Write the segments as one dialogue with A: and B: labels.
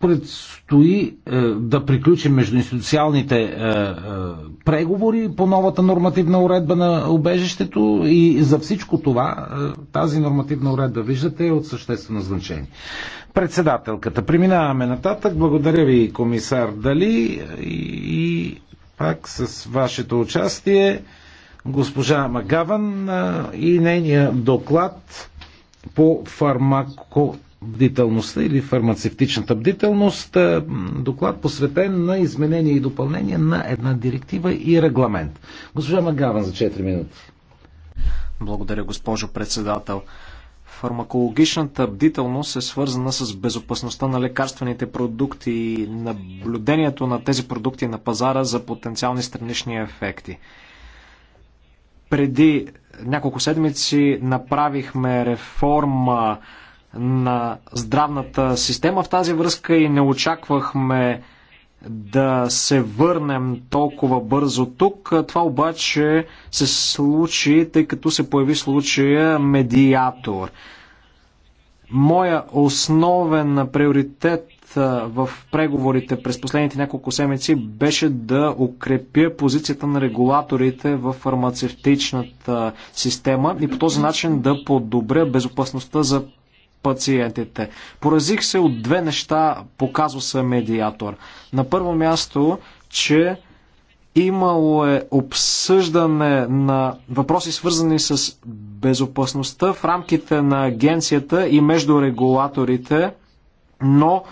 A: предстои е, да приключим междуинституциалните е, е, преговори по новата нормативна уредба на обежището и за всичко това е, тази нормативна уредба, виждате, е от съществено значение. Председателката, преминаваме нататък. Благодаря ви, комисар Дали и, и пак с вашето участие госпожа Магаван е, и нейния доклад по фармако бдителността или фармацевтичната бдителност, е, доклад посветен на изменение и допълнение на една директива и
B: регламент. Госпожа Магаван за 4 минути. Благодаря, госпожо председател. Фармакологичната бдителност е свързана с безопасността на лекарствените продукти и наблюдението на тези продукти на пазара за потенциални странични ефекти. Преди няколко седмици направихме реформа на здравната система. В тази връзка и не очаквахме да се върнем толкова бързо тук. Това обаче се случи, тъй като се появи случая медиатор. Моя основен приоритет в преговорите през последните няколко седмици беше да укрепя позицията на регулаторите в фармацевтичната система и по този начин да подобря безопасността за пациентите. Поразих се от две неща по казуса медиатор. На първо място, че имало е обсъждане на въпроси свързани с безопасността в рамките на агенцията и между регулаторите, но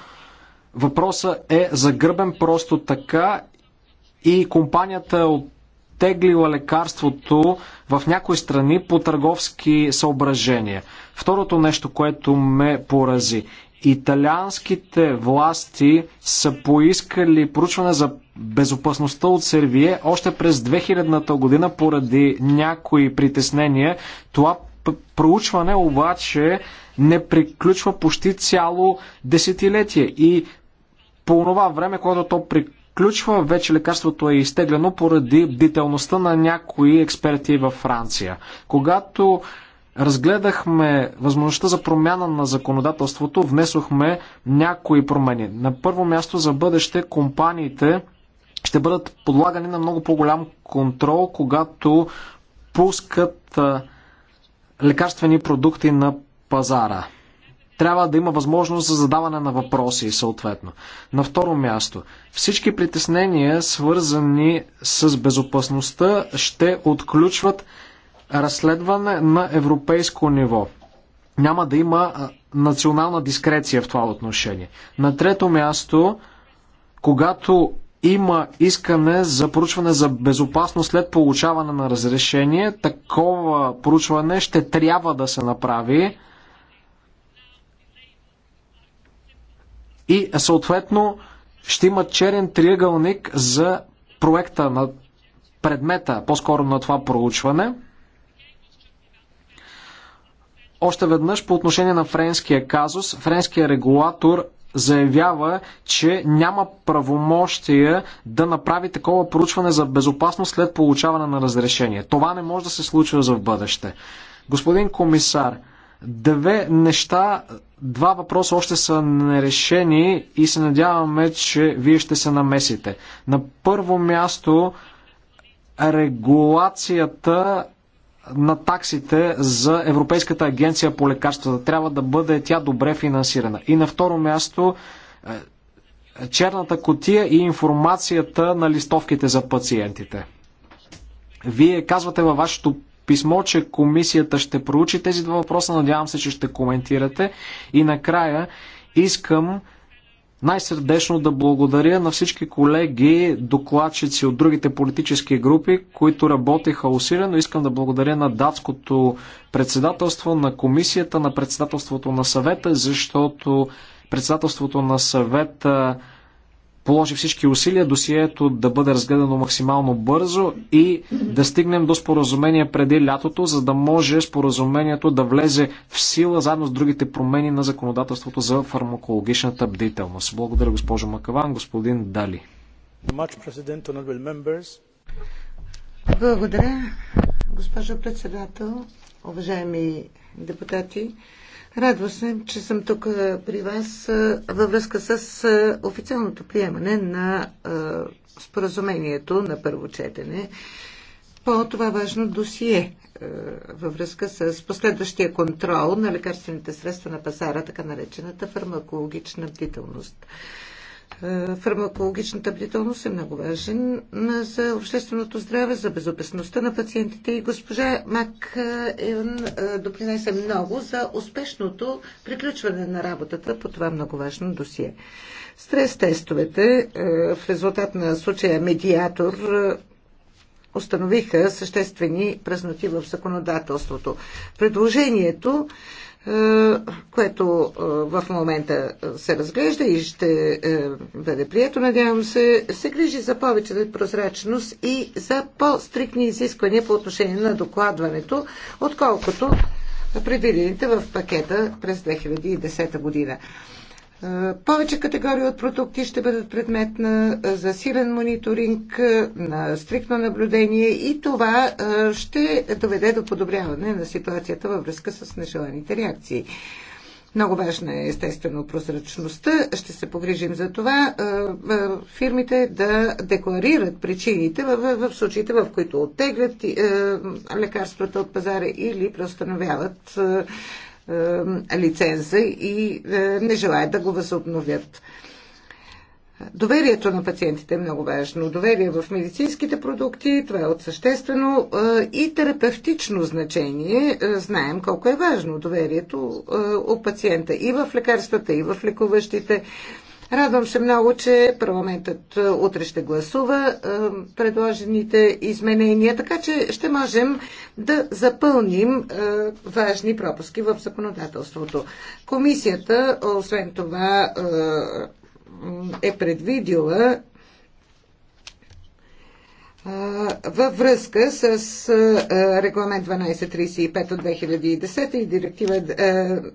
B: въпросът е загърбен просто така и компанията е оттеглила лекарството в някои страни по търговски съображения. Второто нещо, което ме порази. Италианските власти са поискали проучване за безопасността от Сервие още през 2000-та година поради някои притеснения. Това проучване обаче не приключва почти цяло десетилетие и по това време, когато то приключва, приключва. вече лекарството е изтеглено поради бдителността на някои експерти във Франция. Когато разгледахме възможността за промяна на законодателството, внесохме някои промени. На първо място за бъдеще компаниите ще бъдат подлагани на много по-голям контрол, когато пускат лекарствени продукти на пазара трябва да има възможност за задаване на въпроси съответно. На второ място, всички притеснения, свързани с безопасността, ще отключват разследване на европейско ниво. Няма да има национална дискреция в това отношение. На трето място, когато има искане за проучване за безопасност след получаване на разрешение, такова проучване ще трябва да се направи И съответно ще има черен триъгълник за проекта на предмета, по-скоро на това проучване. Още веднъж по отношение на френския казус, френския регулатор заявява, че няма правомощия да направи такова проучване за безопасност след получаване на разрешение. Това не може да се случва за в бъдеще. Господин комисар, две неща Два въпроса още са нерешени и се надяваме, че вие ще се намесите. На първо място регулацията на таксите за Европейската агенция по лекарствата. Трябва да бъде тя добре финансирана. И на второ място е, черната котия и информацията на листовките за пациентите. Вие казвате във вашето писмо, че комисията ще проучи тези два въпроса. Надявам се, че ще коментирате. И накрая искам най-сърдечно да благодаря на всички колеги, докладчици от другите политически групи, които работеха усилено. Искам да благодаря на датското председателство, на комисията, на председателството на съвета, защото председателството на съвета положи всички усилия досието да бъде разгледано максимално бързо и да стигнем до споразумение преди лятото, за да може споразумението да влезе в сила заедно с другите промени на законодателството за фармакологичната бдителност. Благодаря госпожо Макаван, господин Дали.
C: Благодаря, госпожо председател, уважаеми депутати. Радва се, че съм тук при вас във връзка с официалното приемане на споразумението на първо четене по това важно досие във връзка с последващия контрол на лекарствените средства на пазара, така наречената фармакологична бдителност. Е, фармакологичната бдителност е много важен е, за общественото здраве, за безопасността на пациентите и госпожа Мак Еон допринесе много за успешното приключване на работата по това много важно досие. Стрес-тестовете е, в резултат на случая медиатор установиха съществени празноти в законодателството. Предложението е, което е, в момента е, се разглежда и ще бъде прието, надявам се, се грижи за повече прозрачност и за по-стрикни изисквания по отношение на докладването, отколкото предвидените в пакета през 2010 година. Е, повече категории от продукти ще бъдат предмет на е, засилен мониторинг, е, на стрикно наблюдение и това ще доведе до подобряване на ситуацията във връзка с нежеланите реакции. Много важна е естествено прозрачността. Ще се погрижим за това фирмите да декларират причините в, в случаите, в които оттеглят лекарствата от пазара или преустановяват е, лиценза и е, не желаят да го възобновят. Доверието на пациентите е много важно. Доверие в медицинските продукти, това е от съществено е, и терапевтично значение. Знаем колко е важно доверието у пациента и в лекарствата, и в лекуващите. Радвам се много, че парламентът е, утре ще гласува е, предложените изменения, така че ще можем да запълним е, важни пропуски в законодателството. Комисията, освен това, е предвидила във връзка с регламент 1235 от 2010 и директива 84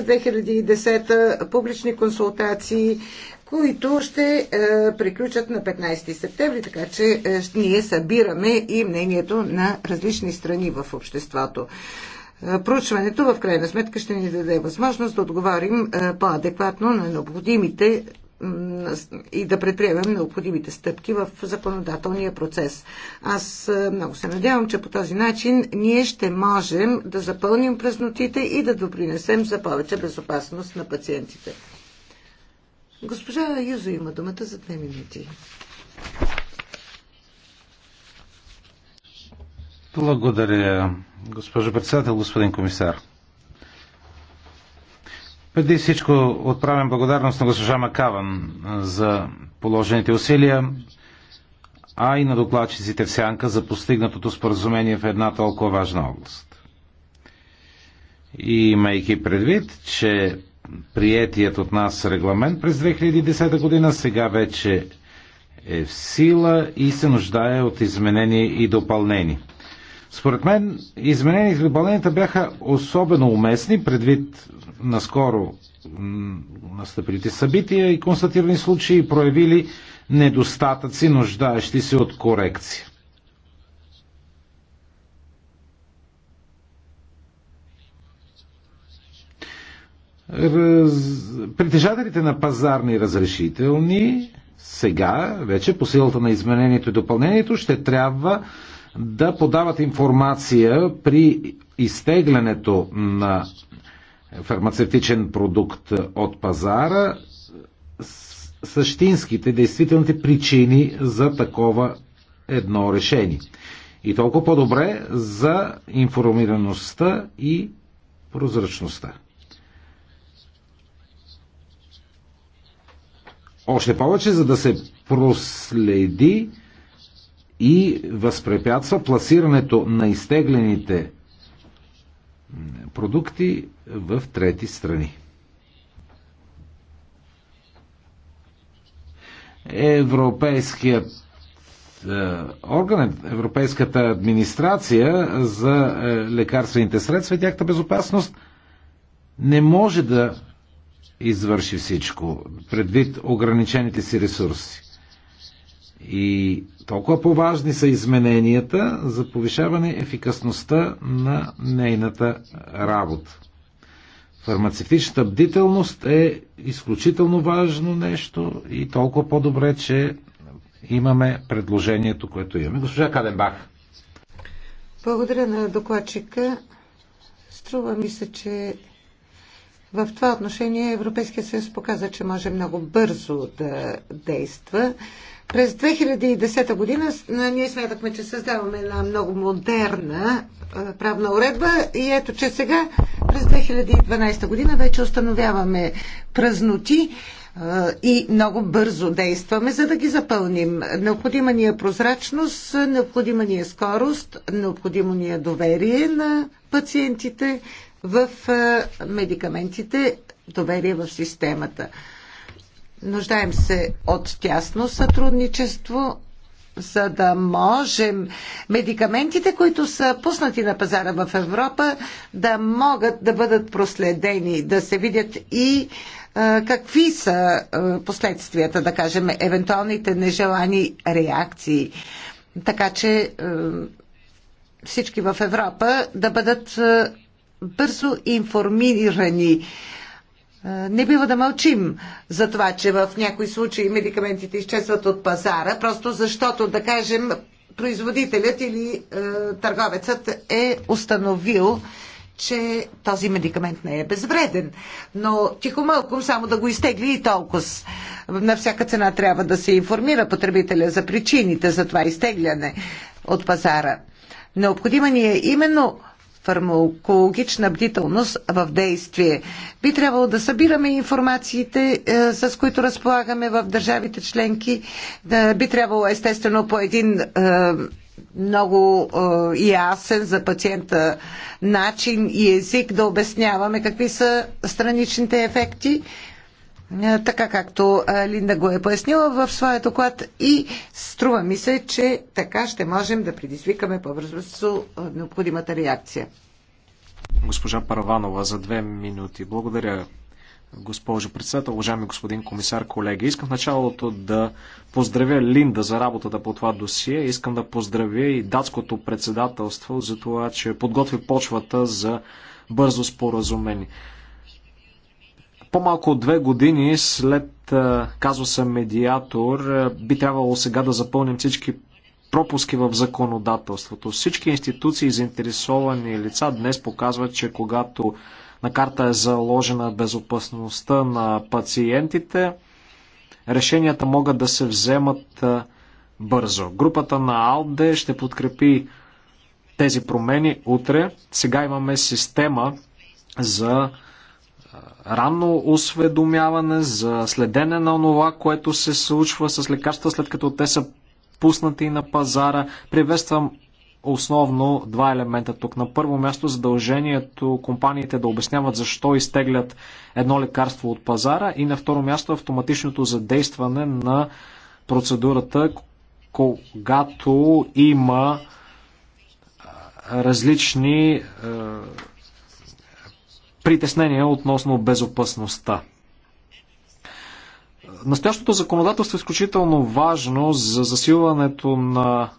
C: от 2010 публични консултации, които ще приключат на 15 септември, така че ние събираме и мнението на различни страни в обществото. Проучването в крайна сметка ще ни даде възможност да отговорим по-адекватно на необходимите и да предприемем необходимите стъпки в законодателния процес. Аз много се надявам, че по този начин ние ще можем да запълним празнотите и да допринесем за повече безопасност на пациентите. Госпожа Юзо има думата за две минути.
A: Благодаря, госпожо председател, господин комисар. Преди всичко отправям благодарност на госпожа Макаван за положените усилия, а и на докладчиците в Сянка за постигнатото споразумение в една толкова важна област. И имайки предвид, че приетият от нас регламент през 2010 година сега вече е в сила и се нуждае от изменения и допълнени. Според мен измененията и допълненията бяха особено уместни предвид наскоро настъпилите събития и констатирани случаи проявили недостатъци, нуждаещи се от корекция. Раз... Притежателите на пазарни разрешителни сега, вече по силата на изменението и допълнението, ще трябва да подават информация при изтеглянето на фармацевтичен продукт от пазара, същинските, действителните причини за такова едно решение. И толкова по-добре за информираността и прозрачността. Още повече, за да се проследи и възпрепятства пласирането на изтеглените продукти в трети страни. Европейският е, орган, Европейската администрация за е, лекарствените средства и тяхната безопасност не може да извърши всичко, предвид ограничените си ресурси. И толкова по-важни са измененията за повишаване ефикасността на нейната работа. Фармацевтичната бдителност е изключително важно нещо и толкова по-добре, че имаме предложението, което имаме. Госпожа Каденбах.
C: Благодаря на докладчика. Струва ми се, че в това отношение Европейския съюз показа, че може много бързо да действа. През 2010 година ние смятахме, че създаваме една много модерна правна уредба и ето, че сега през 2012 година вече установяваме празноти и много бързо действаме, за да ги запълним. Необходима ни е прозрачност, необходима ни е скорост, необходимо ни е доверие на пациентите в медикаментите, доверие в системата. Нуждаем се от тясно сътрудничество, за да можем медикаментите, които са пуснати на пазара в Европа, да могат да бъдат проследени, да се видят и е, какви са е, последствията, да кажем, евентуалните нежелани реакции. Така че е, всички в Европа да бъдат бързо информирани не бива да мълчим за това, че в някои случаи медикаментите изчезват от пазара, просто защото, да кажем, производителят или е, търговецът е установил, че този медикамент не е безвреден. Но тихо мълком само да го изтегли и толкова. На всяка цена трябва да се информира потребителя за причините за това изтегляне от пазара. Необходима ни е именно фармакологична бдителност в действие. Би трябвало да събираме информациите, е, с които разполагаме в държавите членки. Е, би трябвало естествено по един е, много е, ясен за пациента начин и език да обясняваме какви са страничните ефекти е, така както е, Линда го е пояснила в своя доклад и струва ми се, че така ще можем да предизвикаме по-бързо е, необходимата реакция.
B: Госпожа Параванова за две минути. Благодаря, госпожо председател, уважаеми господин комисар, колеги. Искам в началото да поздравя Линда за работата по това досие. Искам да поздравя и датското председателство за това, че подготви почвата за бързо споразумение. По-малко от две години след казва се медиатор би трябвало сега да запълним всички пропуски в законодателството. Всички институции и заинтересовани лица днес показват, че когато на карта е заложена безопасността на пациентите, решенията могат да се вземат бързо. Групата на АЛДЕ ще подкрепи тези промени утре. Сега имаме система за ранно осведомяване, за следене на това, което се случва с лекарства, след като те са пуснати на пазара. Приветствам основно два елемента тук. На първо място задължението компаниите да обясняват защо изтеглят едно лекарство от пазара и на второ място автоматичното задействане на процедурата, когато има различни притеснения относно безопасността. Настоящото законодателство е изключително важно за засилването на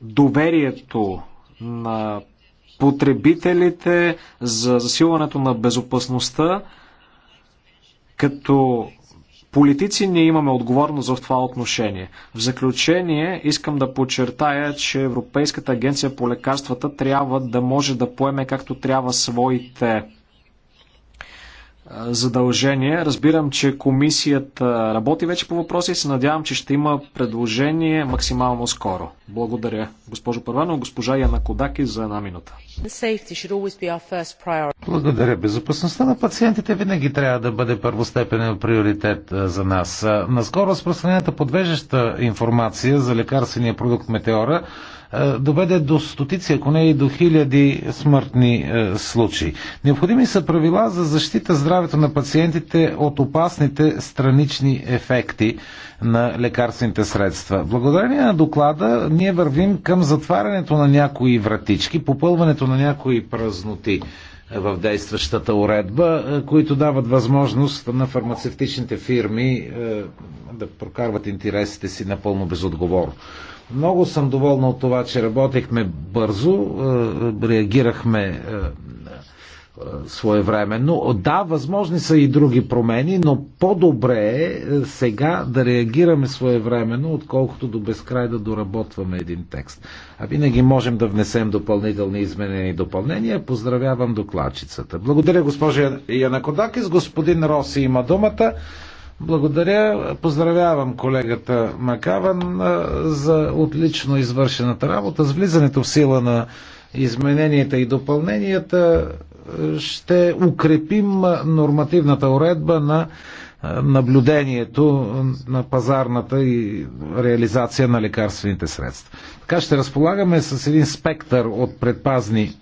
B: доверието на потребителите, за засилването на безопасността. Като политици ние имаме отговорност в това отношение. В заключение искам да подчертая, че Европейската агенция по лекарствата трябва да може да поеме както трябва своите задължение. Разбирам, че комисията работи вече по въпроса и се надявам, че ще има предложение максимално скоро. Благодаря, госпожо Първано. Госпожа Яна Кодаки за една минута. Благодаря. Безопасността на пациентите винаги трябва да бъде
A: първостепенен приоритет за нас. Наскоро разпространената подвеждаща информация за лекарствения продукт Метеора доведе до стотици, ако не и до хиляди смъртни случаи. Необходими са правила за защита здравето на пациентите от опасните странични ефекти на лекарствените средства. Благодарение на доклада ние вървим към затварянето на някои вратички, попълването на някои празноти в действащата уредба, е, които дават възможност на фармацевтичните фирми е, да прокарват интересите си напълно безотговорно. Много съм доволна от това, че работихме бързо, е, реагирахме е, своевременно. Да, възможни са и други промени, но по-добре е, е сега да реагираме своевременно, отколкото до безкрай да доработваме един текст. А винаги можем да внесем допълнителни изменения и допълнения. Поздравявам докладчицата. Благодаря госпожа Янакодакис. Господин Роси има думата. Благодаря. Поздравявам колегата Макаван е, за отлично извършената работа. С влизането в сила на измененията и допълненията ще укрепим нормативната уредба на наблюдението на пазарната и реализация на лекарствените средства. Така ще разполагаме с един спектър от предпазни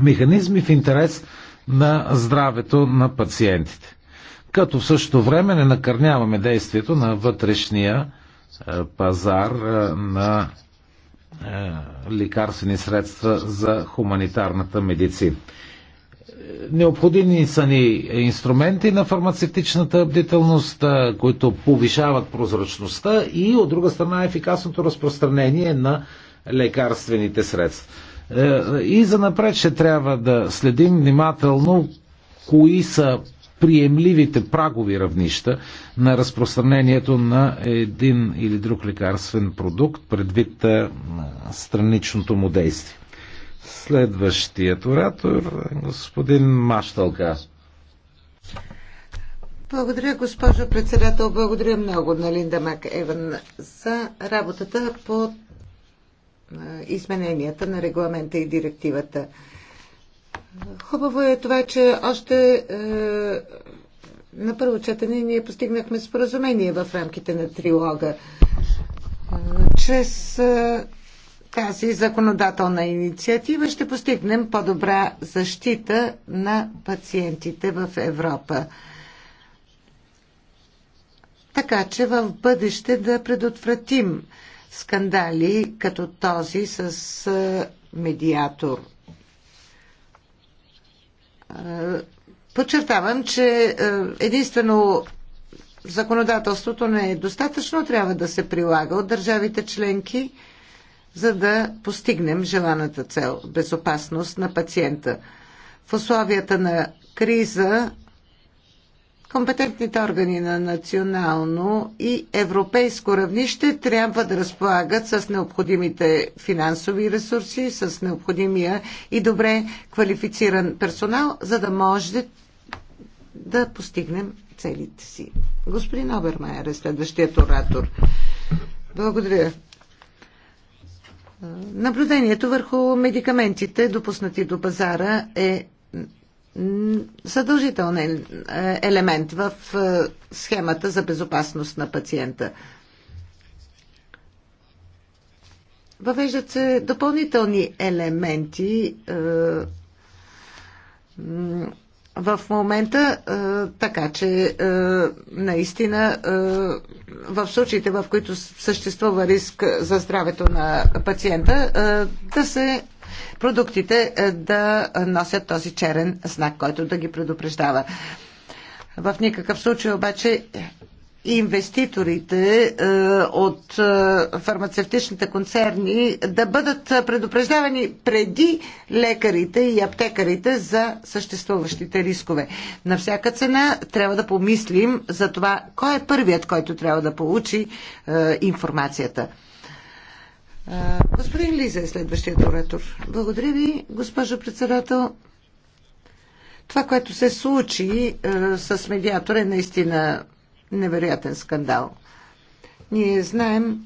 A: механизми в интерес на здравето на пациентите. Като в същото време не накърняваме действието на вътрешния пазар на лекарствени средства за хуманитарната медицина. Необходими са ни инструменти на фармацевтичната бдителност, които повишават прозрачността и от друга страна ефикасното разпространение на лекарствените средства. Е, и за напред ще трябва да следим внимателно кои са приемливите прагови равнища на разпространението на един или друг лекарствен продукт предвид страничното му действие. Следващият оратор е господин Машталка.
C: Благодаря, госпожо председател. Благодаря много на Линда Мак Еван за работата по е, измененията на регламента и директивата. Хубаво е това, че още е, на първо четене ние постигнахме споразумение в рамките на трилога. Е, чрез е, тази законодателна инициатива ще постигнем по-добра защита на пациентите в Европа. Така че в бъдеще да предотвратим скандали като този с медиатор. Подчертавам, че единствено законодателството не е достатъчно, трябва да се прилага от държавите членки – за да постигнем желаната цел – безопасност на пациента. В условията на криза компетентните органи на национално и европейско равнище трябва да разполагат с необходимите финансови ресурси, с необходимия и добре квалифициран персонал, за да може да постигнем целите си. Господин Обермайер е следващият оратор. Благодаря. Наблюдението върху медикаментите, допуснати до пазара, е задължителен е, елемент в е, схемата за безопасност на пациента. Въвеждат се допълнителни елементи е, в момента, е, така че е, наистина е, в случаите, в които съществува риск за здравето на пациента, да се продуктите да носят този черен знак, който да ги предупреждава. В никакъв случай обаче инвеститорите е, от е, фармацевтичните концерни да бъдат предупреждавани преди лекарите и аптекарите за съществуващите рискове. На всяка цена трябва да помислим за това кой е първият, който трябва да получи е, информацията. Господин Лиза е следващият оратор. Благодаря ви, госпожо председател. Това, което се случи е, с медиатор е наистина невероятен скандал. Ние знаем,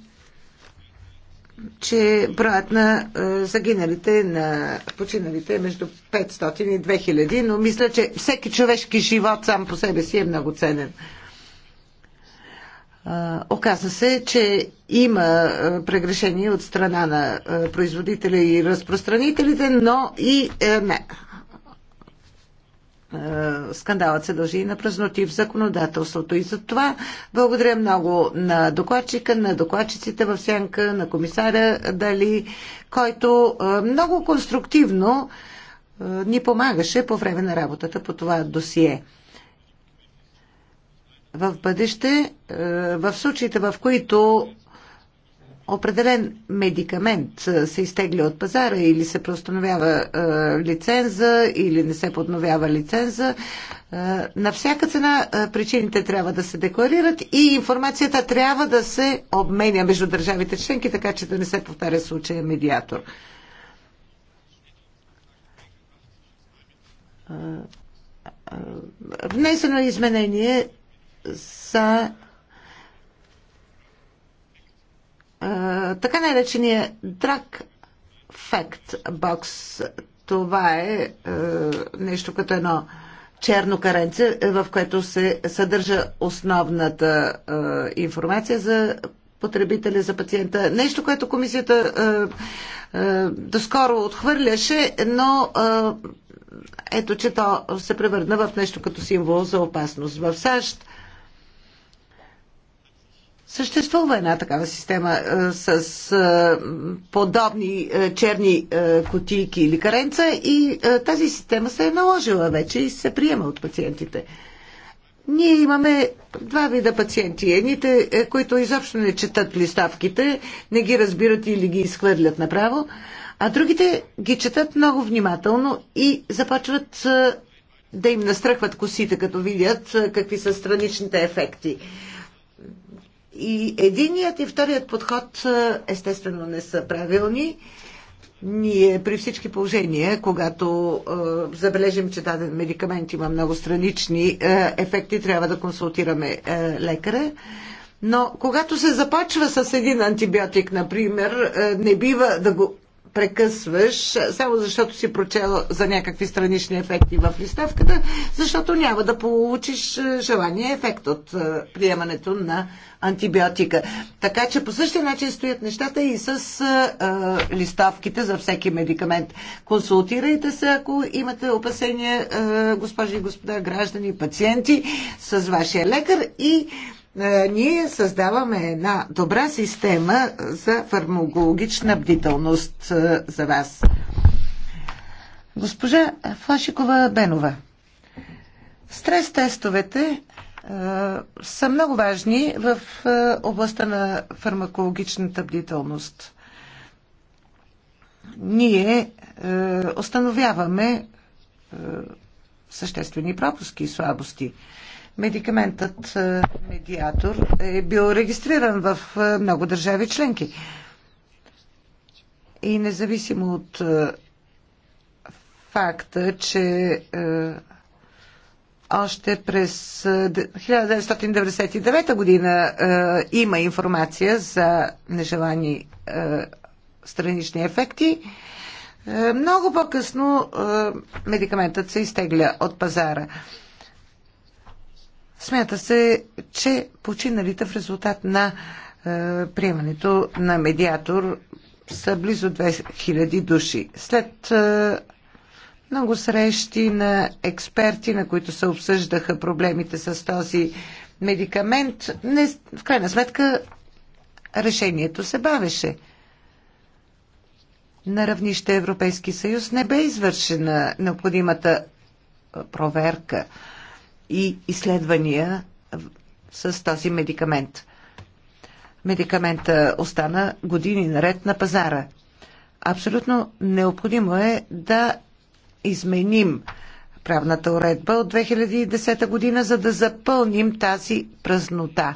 C: че броят на е, загиналите, на починалите е между 500 и 2000, но мисля, че всеки човешки живот сам по себе си е много ценен. Е, Оказва се, че има е, прегрешение от страна на производителя и разпространителите, но и не е, скандалът се дължи и на празноти в законодателството. И за това благодаря много на докладчика, на докладчиците в сянка, на комисаря Дали, който е, много конструктивно е, ни помагаше по време на работата по това досие. В бъдеще, в случаите в които определен медикамент се изтегля от пазара или се преустановява лиценза или не се подновява лиценза, на всяка цена причините трябва да се декларират и информацията трябва да се обменя между държавите членки, така че да не се повтаря случая медиатор. Внесено изменение за така наречения драг факт бокс. Това е, е, нещо като едно черно каренце, е, в което се съдържа основната е, информация за потребителя, за пациента. Нещо, което комисията доскоро отхвърляше, но ето, че то се превърна в нещо като символ за опасност. В САЩ Съществува една такава система е, с е, подобни е, черни котийки или каренца и тази система се е наложила вече и се приема от пациентите. Ние имаме два вида пациенти. Едните, които изобщо не четат листавките, не ги разбират или ги изхвърлят направо, а другите ги четат много внимателно и започват да им настръхват косите, като видят какви са страничните ефекти. И единият и вторият подход е, естествено не са правилни. Ние при всички положения, когато е, забележим, че даден медикамент има много странични е, ефекти, трябва да консултираме е, лекаря. Но когато се започва с един антибиотик, например, е, не бива да го прекъсваш, само защото си прочела за някакви странични ефекти в листовката, защото няма да получиш е, желания ефект от е, приемането на антибиотика. Така че по същия начин стоят нещата и с а, е, листовките за всеки медикамент. Консултирайте се, ако имате опасения, а, госпожи и господа граждани, пациенти, с вашия лекар и е, ние създаваме една добра система за фармакологична бдителност е, за вас. Госпожа Флашикова Бенова, стрес тестовете е, са много важни в областта на фармакологичната бдителност. Ние установяваме съществени пропуски и слабости медикаментът е, медиатор е бил регистриран в е, много държави членки. И независимо от е, факта, че още през 1999 година има информация за нежелани странични ефекти. много по-късно медикаментът се изтегля от пазара. Смята се, че починалите в резултат на е, приемането на медиатор са близо 2000 души. След е, много срещи на експерти, на които се обсъждаха проблемите с този медикамент, не, в крайна сметка решението се бавеше. На равнище Европейски съюз не бе извършена необходимата е, проверка и изследвания с този медикамент. Медикамента остана години наред на пазара. Абсолютно необходимо е да изменим правната уредба от 2010 година, за да запълним тази празнота.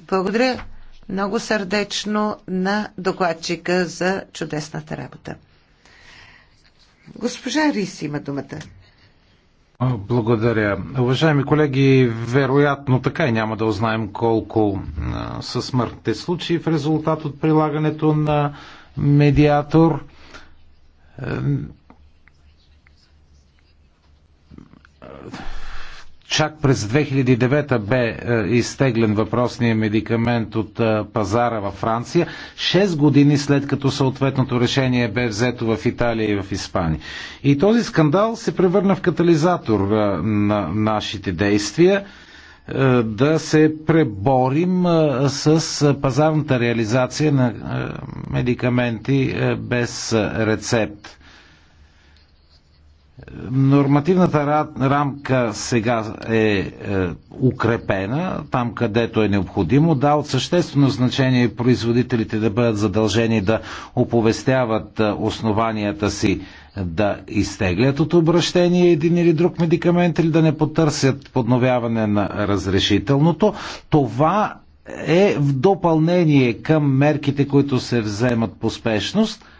C: Благодаря много сърдечно на докладчика за чудесната работа. Госпожа Рис има думата.
A: Благодаря. Уважаеми колеги, вероятно така и няма да узнаем колко са смъртните случаи в резултат от прилагането на медиатор. Е, Чак през 2009 бе е, изтеглен въпросния медикамент от е, пазара във Франция, 6 години след като съответното решение бе взето в Италия и в Испания. И този скандал се превърна в катализатор е, на нашите действия да се преборим с пазарната реализация на медикаменти без рецепт. Нормативната рамка сега е, е, укрепена там, където е необходимо. Да, от съществено значение е производителите да бъдат задължени да оповестяват е, основанията си да изтеглят от обращение един или друг медикамент или да не потърсят подновяване на разрешителното. Това е в допълнение към мерките, които се вземат по спешност –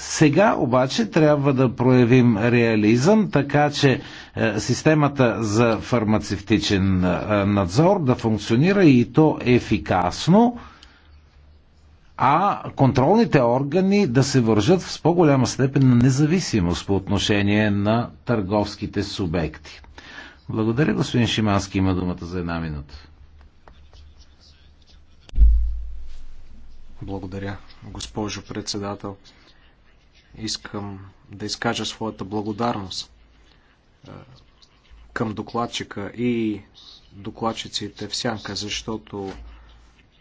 A: сега обаче трябва да проявим реализъм, така че е, системата за фармацевтичен е, надзор да функционира и то ефикасно, а контролните органи да се вържат с по-голяма степен на независимост по отношение на търговските субекти. Благодаря, господин Шимански. Има думата за една минута.
B: Благодаря, госпожо председател. Искам да изкажа своята благодарност е, към докладчика и докладчиците в сянка, защото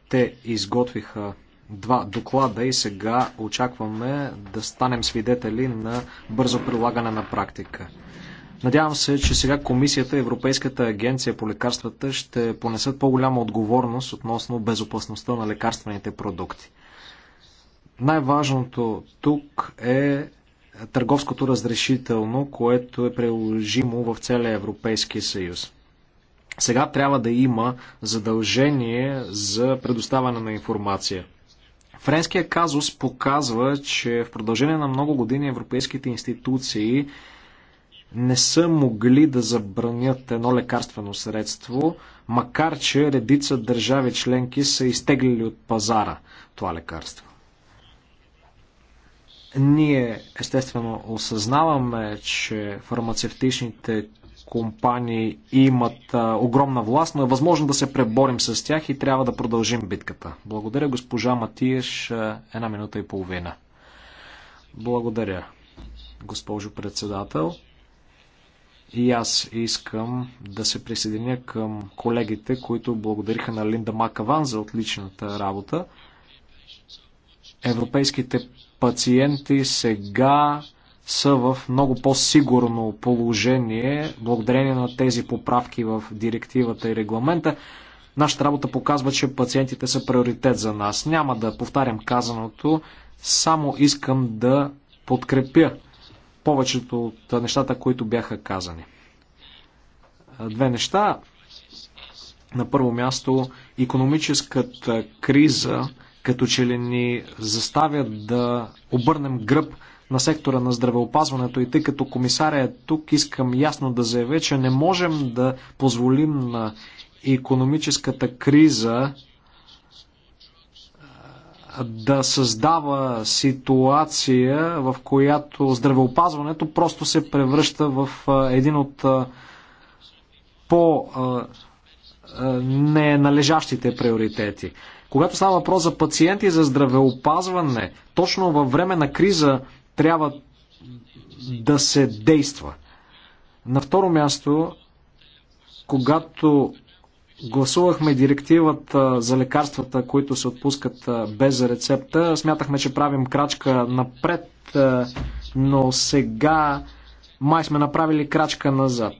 B: те изготвиха два доклада и сега очакваме да станем свидетели на бързо прилагане на практика. Надявам се, че сега Комисията и Европейската агенция по лекарствата ще понесат по-голяма отговорност относно безопасността на лекарствените продукти. Най-важното тук е търговското разрешително, което е приложимо в целия Европейския съюз. Сега трябва да има задължение за предоставяне на информация. Френския казус показва, че в продължение на много години европейските институции не са могли да забранят едно лекарствено средство, макар че редица държави членки са изтеглили от пазара това лекарство. Ние естествено осъзнаваме, че фармацевтичните компании имат а, огромна власт, но е възможно да се преборим с тях и трябва да продължим битката. Благодаря, госпожа Матиеш. Една минута и половина. Благодаря, госпожо председател. И аз искам да се присъединя към колегите, които благодариха на Линда Макаван за отличната работа. Европейските пациенти сега са в много по-сигурно положение благодарение на тези поправки в директивата и регламента. Нашата работа показва, че пациентите са приоритет за нас. Няма да повтарям казаното, само искам да подкрепя повечето от нещата, които бяха казани. Две неща. На първо място, економическата криза като че ли ни заставят да обърнем гръб на сектора на здравеопазването и тъй като комисаря е тук, искам ясно да заявя, че не можем да позволим на економическата криза да създава ситуация, в която здравеопазването просто се превръща в един от по неналежащите приоритети. Когато става въпрос за пациенти, за здравеопазване, точно във време на криза трябва да се действа. На второ място, когато гласувахме директивата за лекарствата, които се отпускат без рецепта, смятахме, че правим крачка напред, но сега май сме направили крачка назад.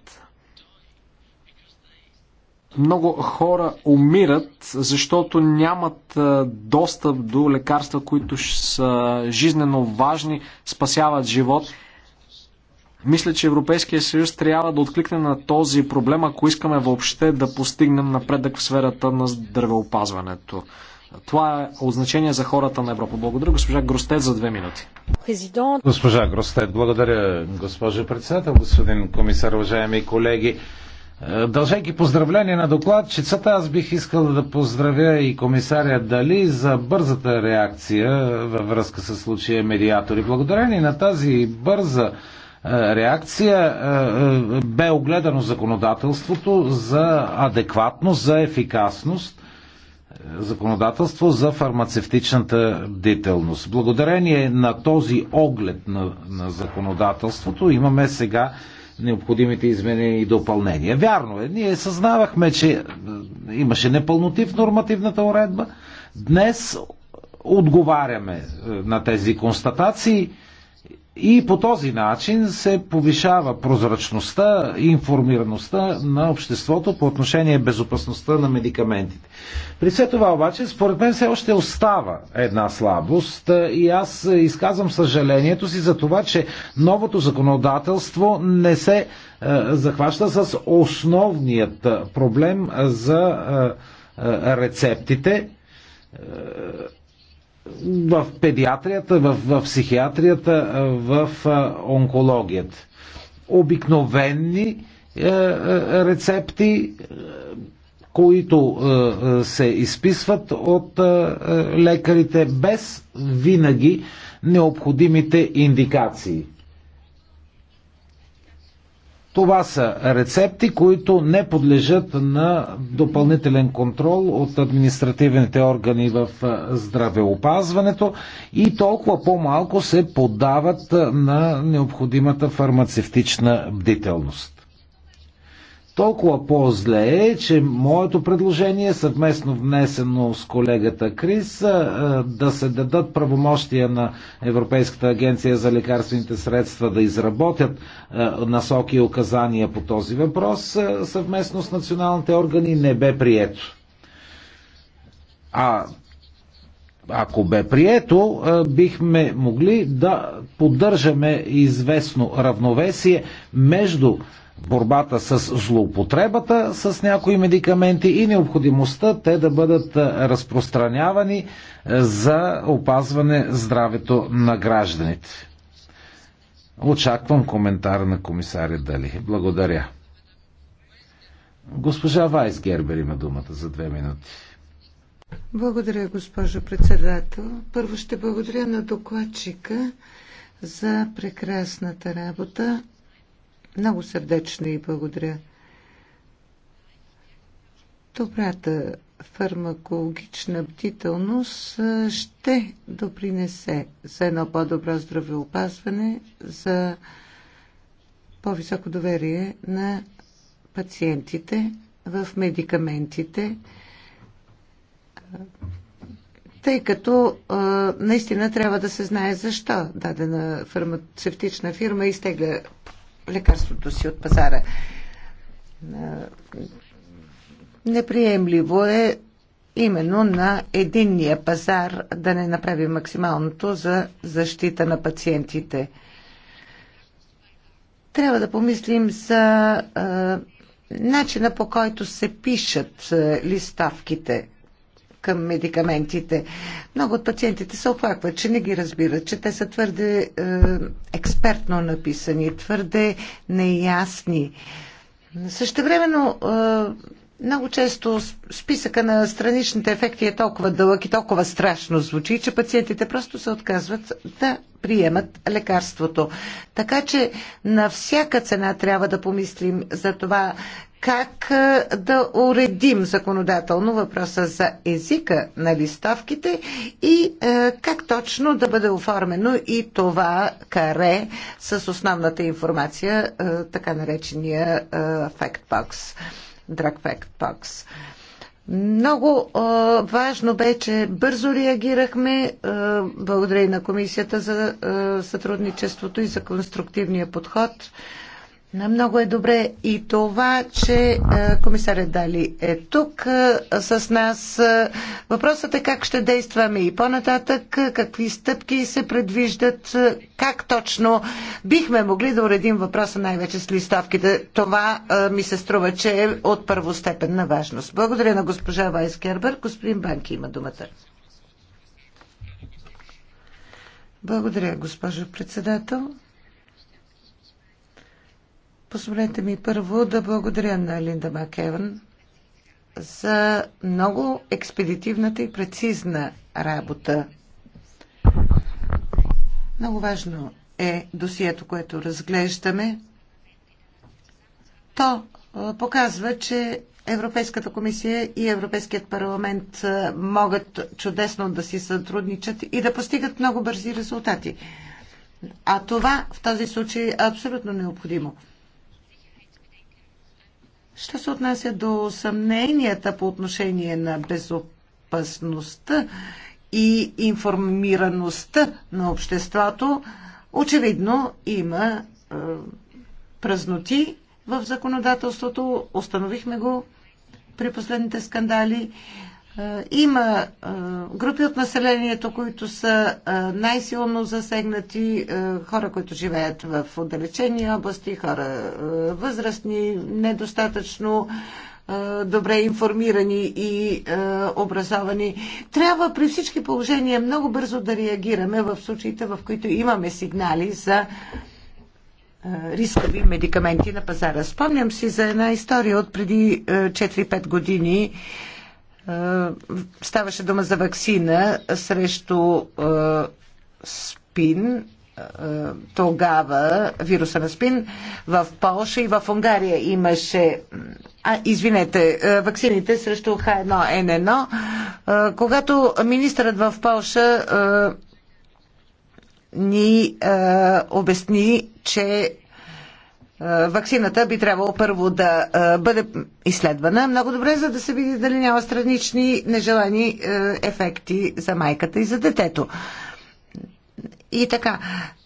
B: Много хора умират, защото нямат достъп до лекарства, които са жизнено важни, спасяват живот. Мисля, че Европейския съюз трябва да откликне на този проблем, ако искаме въобще да постигнем напредък в сферата на здравеопазването. Това е означение за хората на Европа. Благодаря госпожа Гростет за две минути.
A: Президент... Госпожа Гростет,
B: благодаря
A: госпожа председател, господин комисар, уважаеми колеги. Е, дължайки поздравления на докладчицата, аз бих искал да поздравя и комисаря Дали за бързата реакция във връзка с случая медиатори. Благодарение на тази бърза е, реакция е, бе огледано законодателството за адекватност, за ефикасност, законодателство за фармацевтичната бдителност. Благодарение на този оглед на, на законодателството имаме сега необходимите изменения и допълнения. Вярно е, ние съзнавахме, че е, имаше непълноти в нормативната уредба. Днес отговаряме е, на тези констатации и по този начин се повишава прозрачността и информираността на обществото по отношение безопасността на медикаментите. При все това обаче, според мен все още остава една слабост е, и аз изказвам съжалението си за това, че новото законодателство не се е, захваща с основният проблем за е, е, рецептите е, в педиатрията, в, в психиатрията, в онкологията. Обикновенни е, е, рецепти, е, които се изписват от лекарите без винаги необходимите индикации. Това са рецепти, които не подлежат на допълнителен контрол от административните органи в здравеопазването и толкова по-малко се подават на необходимата фармацевтична бдителност. Толкова по-зле е, че моето предложение, съвместно внесено с колегата Крис, да се дадат правомощия на Европейската агенция за лекарствените средства да изработят насоки и указания по този въпрос, съвместно с националните органи не бе прието. А ако бе прието, бихме могли да поддържаме известно равновесие между борбата с злоупотребата с някои медикаменти и необходимостта те да бъдат разпространявани за опазване здравето на гражданите. Очаквам коментар на комисаря Дали. Благодаря. Госпожа Вайс Гербер има думата за две минути.
C: Благодаря, госпожо председател. Първо ще благодаря на докладчика за прекрасната работа много сърдечно и благодаря. Добрата фармакологична бдителност ще допринесе за едно по-добро здравеопазване, за по-високо доверие на пациентите в медикаментите, тъй като наистина трябва да се знае защо дадена фармацевтична фирма изтегля лекарството си от пазара. Неприемливо е именно на единния пазар да не направи максималното за защита на пациентите. Трябва да помислим за начина по който се пишат листавките към медикаментите. Много от пациентите се оплакват, че не ги разбират, че те са твърде е, експертно написани, твърде неясни. Също е, много често списъка на страничните ефекти е толкова дълъг и толкова страшно звучи, че пациентите просто се отказват да приемат лекарството. Така че на всяка цена трябва да помислим за това как да уредим законодателно въпроса за езика на листовките и как точно да бъде оформено и това каре с основната информация, така наречения фактбокс. Drug Fact Box. Много а, важно бе, че бързо реагирахме. А, благодаря и на комисията за а, сътрудничеството и за конструктивния подход. Много е добре и това, че е, комисарят Дали е тук е, с нас. Е, въпросът е как ще действаме и по-нататък, какви стъпки се предвиждат, как точно бихме могли да уредим въпроса най-вече с листовките. Това ми се струва, че е от първостепенна важност. Благодаря на госпожа Вайскербер. Господин Банки има думата. Благодаря, госпожо председател. Позволете ми първо да благодаря на Линда Макеван за много експедитивната и прецизна работа. Много важно е досието, което разглеждаме. То показва, че Европейската комисия и Европейският парламент могат чудесно да си сътрудничат и да постигат много бързи резултати. А това в този случай е абсолютно необходимо. Що се отнася до съмненията по отношение на безопасността и информираността на обществото, очевидно има е, празноти в законодателството. Установихме го при последните скандали. Е, има е, групи от населението, които са е, най-силно засегнати, хора, които живеят в отдалечени области, хора възрастни, недостатъчно добре информирани и образовани. Трябва при всички положения много бързо да реагираме в случаите, в които имаме сигнали за рискови медикаменти на пазара. Спомням си за една история от преди 4-5 години Ставаше дума за вакцина срещу спин, тогава вируса на спин в Полша и в Унгария имаше а, извинете, вакцините срещу х 1 н 1 Когато министърът в Полша ни обясни, че е, ваксината би трябвало първо да е, бъде изследвана много добре, за да се види дали няма странични нежелани е, ефекти за майката и за детето. И така,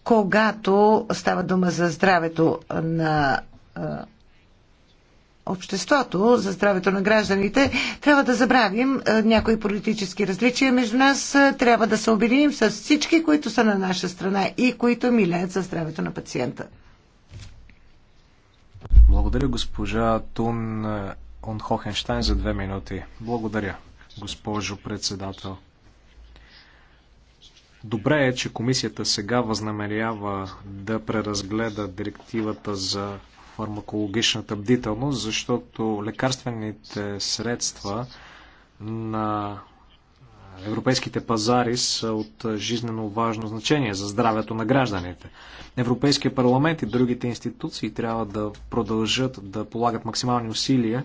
C: когато става дума за здравето на обществото, за здравето на гражданите, трябва да забравим някои политически различия между нас. Трябва да се обединим с всички, които са на наша страна и които милеят за здравето на пациента.
B: Благодаря госпожа Тун е, Онхохенштайн за две минути. Благодаря, госпожо председател. Добре е, че комисията сега възнамерява да преразгледа директивата за фармакологичната бдителност, защото лекарствените средства на Европейските пазари са от жизнено важно значение за здравето на гражданите. Европейския парламент и другите институции трябва да продължат да полагат максимални усилия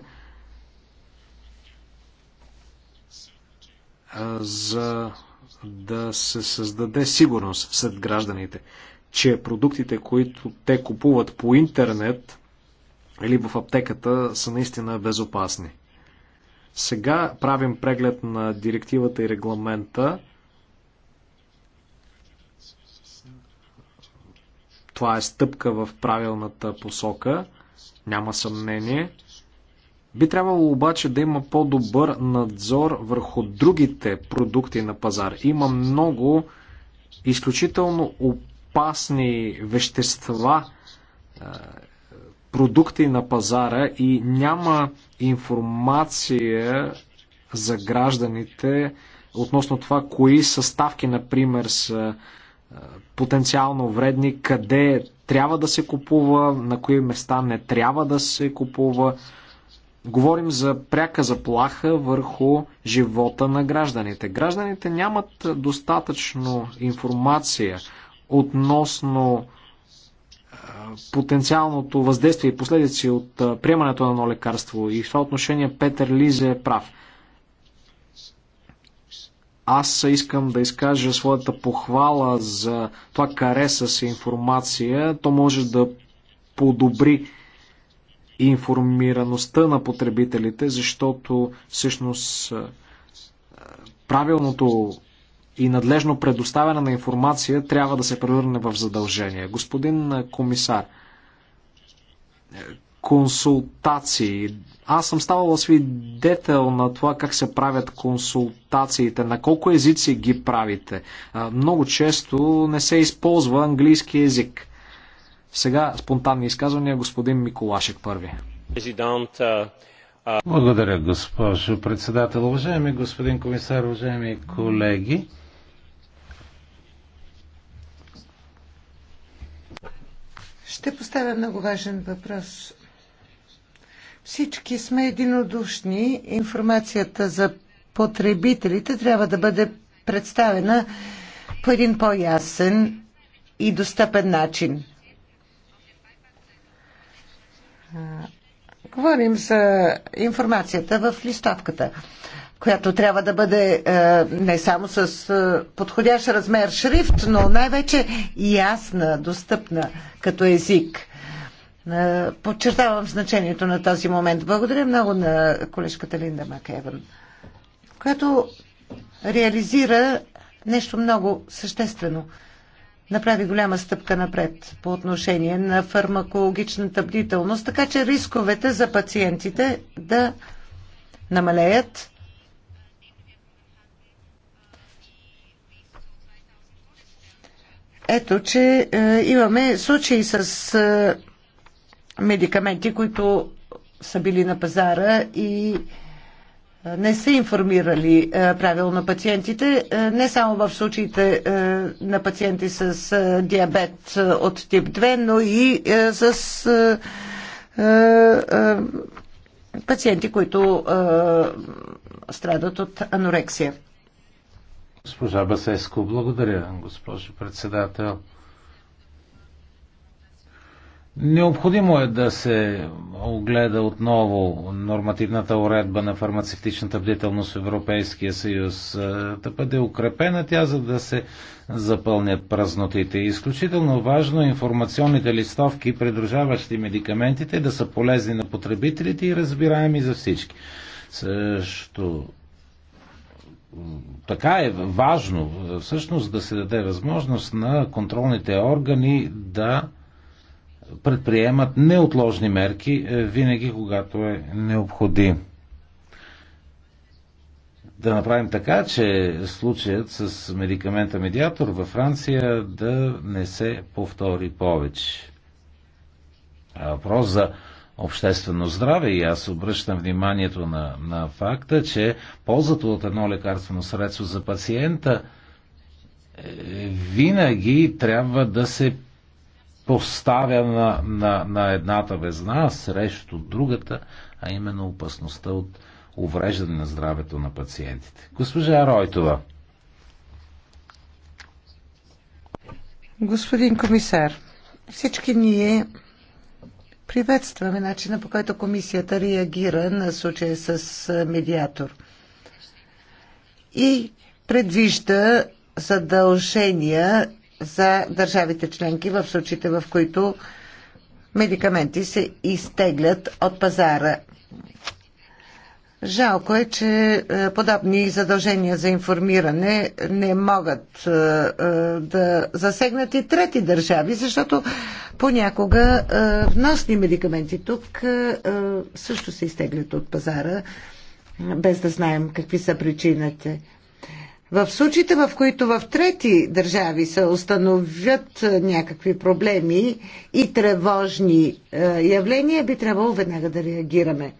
B: за да се създаде сигурност сред гражданите, че продуктите, които те купуват по интернет или в аптеката, са наистина безопасни. Сега правим преглед на директивата и регламента. Това е стъпка в правилната посока, няма съмнение. Би трябвало обаче да има по-добър надзор върху другите продукти на пазар. Има много изключително опасни вещества е, продукти на пазара и няма информация за гражданите относно това, кои съставки, например, са е, потенциално вредни, къде трябва да се купува, на кои места не трябва да се купува. Говорим за пряка заплаха върху живота на гражданите. Гражданите нямат достатъчно информация относно потенциалното въздействие и последици от приемането на едно лекарство. И в това отношение Петър Лизе е прав. Аз искам да изкажа своята похвала за това кареса с информация. То може да подобри информираността на потребителите, защото всъщност правилното и надлежно предоставяне на информация трябва да се превърне в задължение. Господин комисар, е, консултации. Аз съм ставал свидетел на това как се правят консултациите, на колко езици ги правите. Много често не се използва английски език. Сега спонтанни изказвания господин Миколашек първи. Благодаря,
A: госпожо председател. Уважаеми господин комисар, уважаеми колеги,
C: Ще поставя много важен въпрос. Всички сме единодушни. Информацията за потребителите трябва да бъде представена по един по-ясен и достъпен начин. Говорим за информацията в листовката която трябва да бъде е, не само с е, подходящ размер шрифт, но най-вече ясна, достъпна като език. Е, подчертавам значението на този момент. Благодаря много на колежката Линда Макеван, която реализира нещо много съществено. Направи голяма стъпка напред по отношение на фармакологичната бдителност, така че рисковете за пациентите да намалеят Ето, че е, имаме случаи с е, медикаменти, които са били на пазара и е, не са информирали е, правилно пациентите, е, не само в случаите на пациенти с диабет от тип 2, но и с пациенти, които страдат от анорексия.
A: Госпожа Басеско, благодаря, госпожо председател. Необходимо е да се огледа отново нормативната уредба на фармацевтичната бдителност в Европейския съюз, е, да бъде укрепена тя, за да се запълнят празнотите. Изключително важно е информационните листовки, придружаващи медикаментите, да са полезни на потребителите и разбираеми за всички. Също така е важно е, всъщност да се даде възможност на контролните органи да предприемат неотложни мерки е, винаги, когато е необходим. Да направим така, че случаят с медикамента медиатор във Франция да не се повтори повече. Въпрос за обществено здраве и аз обръщам вниманието на, на факта, че ползата от едно лекарствено средство за пациента е, винаги трябва да се поставя на, на, на едната везна срещу другата, а именно опасността от увреждане на здравето на пациентите. Госпожа Ройтова.
C: Господин комисар, всички ние Приветстваме начина по който комисията реагира на случая с медиатор и предвижда задължения за държавите членки в случаите, в които медикаменти се изтеглят от пазара. Жалко е, че е, подобни задължения за информиране не могат е, е, да засегнат и трети държави, защото понякога вносни медикаменти тук също се изтеглят от пазара, без да знаем какви са причините. В случаите, в които в трети държави се установят някакви проблеми и тревожни явления, би трябвало веднага да реагираме.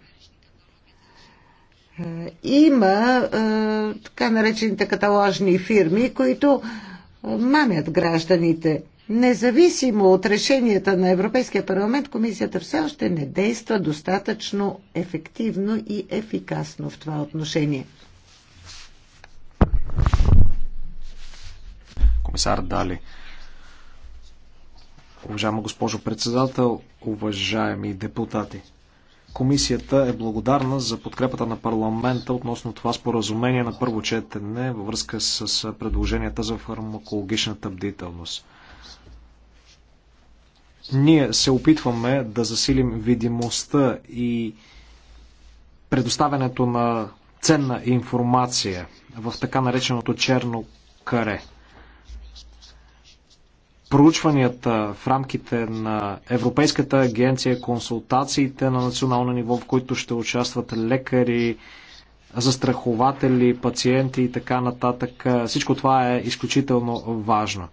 C: Е, има е, така наречените каталожни фирми, които е, мамят гражданите. Независимо от решенията на Европейския парламент, комисията все още не действа достатъчно ефективно и ефикасно в това отношение.
B: Комисар Дали. Уважаема госпожо председател, уважаеми депутати. Комисията е благодарна за подкрепата на парламента относно това споразумение на първо четене във връзка с предложенията за фармакологичната бдителност. Ние се опитваме да засилим видимостта и предоставянето на ценна информация в така нареченото черно каре – проучванията в рамките на Европейската агенция, консултациите на национално ниво, в които ще участват лекари, застрахователи, пациенти и така нататък. Всичко това е изключително важно.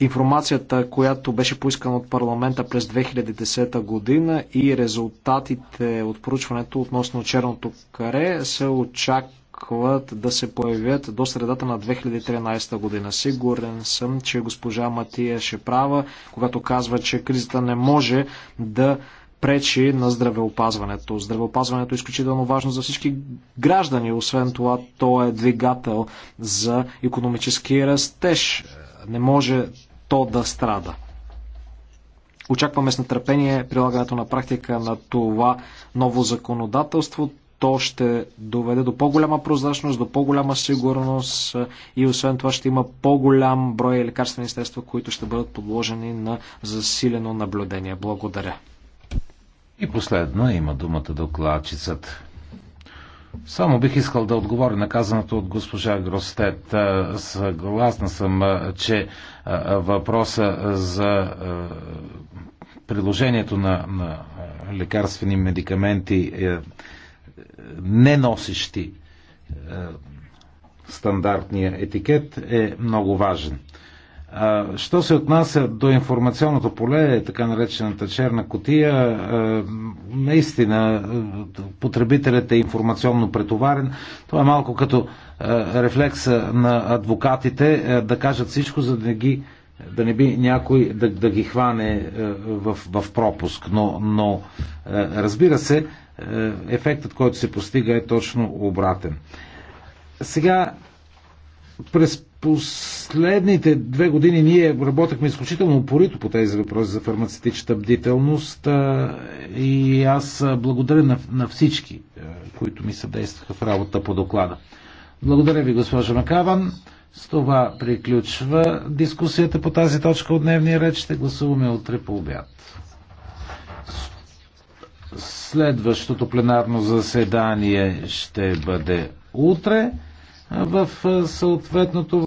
B: Информацията, която беше поискана от парламента през 2010 година и резултатите от проучването относно черното каре се очаква очакват да се появят до средата на 2013 година. Сигурен съм, че госпожа Матия ще права, когато казва, че кризата не може да пречи на здравеопазването. Здравеопазването е изключително важно за всички граждани, освен това то е двигател за економически растеж. Не може то да страда. Очакваме с нетърпение прилагането на практика на това ново законодателство то ще доведе до по-голяма прозрачност, до по-голяма сигурност и освен това ще има по-голям брой лекарствени средства, които ще бъдат подложени на засилено наблюдение. Благодаря.
A: И последно има думата докладчицът. Само бих искал да отговоря на казаното от госпожа Гростет. Съгласна съм, че въпроса за приложението на, на лекарствени медикаменти е не носещи е, стандартния етикет е много важен. Що се отнася до информационното поле, така наречената черна котия, е, наистина е, потребителят е информационно претоварен. Това е малко като рефлекса на адвокатите да кажат всичко, за да не ги да не би някой да, да ги хване в, в пропуск. Но, но разбира се, е, ефектът, който се постига е точно обратен. Сега, през последните две години ние работехме изключително упорито по тези въпроси за фармацевтичната бдителност и аз благодаря на, на всички, които ми съдействаха в работа по доклада. Благодаря ви, госпожа Макаван. С това приключва дискусията по тази точка от дневния ред. Ще гласуваме утре по обяд. Следващото пленарно заседание ще бъде утре в съответното